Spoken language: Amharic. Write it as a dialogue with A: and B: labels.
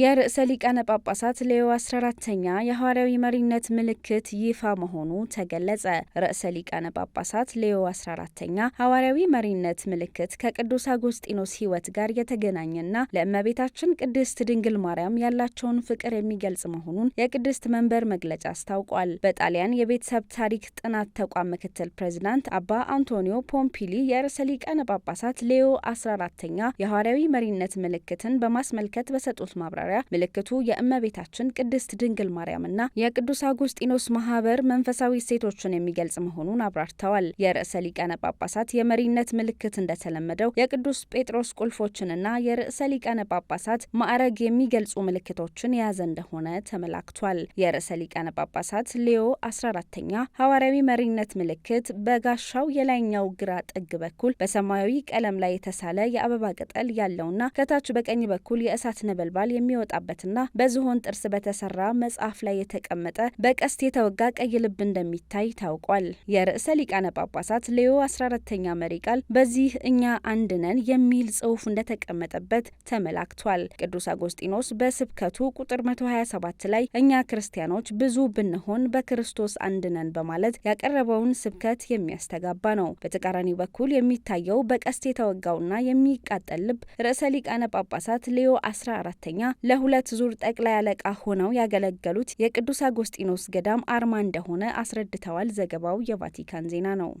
A: የርዕሰ ሊቃነ ጳጳሳት ሌዮ 14ተኛ የሐዋርያዊ መሪነት ምልክት ይፋ መሆኑ ተገለጸ። ርዕሰ ሊቃነ ጳጳሳት ሌዮ 14ተኛ ሐዋርያዊ መሪነት ምልክት ከቅዱስ አጎስጢኖስ ሕይወት ጋር የተገናኘና ለእመቤታችን ቅድስት ድንግል ማርያም ያላቸውን ፍቅር የሚገልጽ መሆኑን የቅድስት መንበር መግለጫ አስታውቋል። በጣሊያን የቤተሰብ ታሪክ ጥናት ተቋም ምክትል ፕሬዚዳንት አባ አንቶኒዮ ፖምፒሊ የርዕሰ ሊቃነ ጳጳሳት ሌዮ 14ተኛ የሐዋርያዊ መሪነት ምልክትን በማስመልከት በሰጡት ማብራ ማብራሪያ ምልክቱ የእመቤታችን ቅድስት ድንግል ማርያምና የቅዱስ አጉስጢኖስ ማህበር መንፈሳዊ እሴቶችን የሚገልጽ መሆኑን አብራርተዋል። የርዕሰ ሊቃነ ጳጳሳት የመሪነት ምልክት እንደተለመደው የቅዱስ ጴጥሮስ ቁልፎችንና የርዕሰ ሊቃነ ጳጳሳት ማዕረግ የሚገልጹ ምልክቶችን የያዘ እንደሆነ ተመላክቷል። የርዕሰ ሊቃነ ጳጳሳት ሌዮ 14ተኛ ሐዋርያዊ መሪነት ምልክት በጋሻው የላይኛው ግራ ጥግ በኩል በሰማያዊ ቀለም ላይ የተሳለ የአበባ ቅጠል ያለውና ከታች በቀኝ በኩል የእሳት ነበልባል የሚ የሚወጣበትና በዝሆን ጥርስ በተሰራ መጽሐፍ ላይ የተቀመጠ በቀስት የተወጋ ቀይ ልብ እንደሚታይ ታውቋል። የርዕሰ ሊቃነ ጳጳሳት ሌዮ 14ተኛ መሪ ቃል በዚህ እኛ አንድ ነን የሚል ጽሑፍ እንደተቀመጠበት ተመላክቷል። ቅዱስ አጎስጢኖስ በስብከቱ ቁጥር 127 ላይ እኛ ክርስቲያኖች ብዙ ብንሆን በክርስቶስ አንድ ነን በማለት ያቀረበውን ስብከት የሚያስተጋባ ነው። በተቃራኒ በኩል የሚታየው በቀስት የተወጋውና የሚቃጠል ልብ ርዕሰ ሊቃነ ጳጳሳት ሌዮ 14ተኛ ለሁለት ዙር ጠቅላይ አለቃ ሆነው ያገለገሉት የቅዱስ አጎስጢኖስ ገዳም አርማ እንደሆነ አስረድተዋል። ዘገባው የቫቲካን ዜና ነው።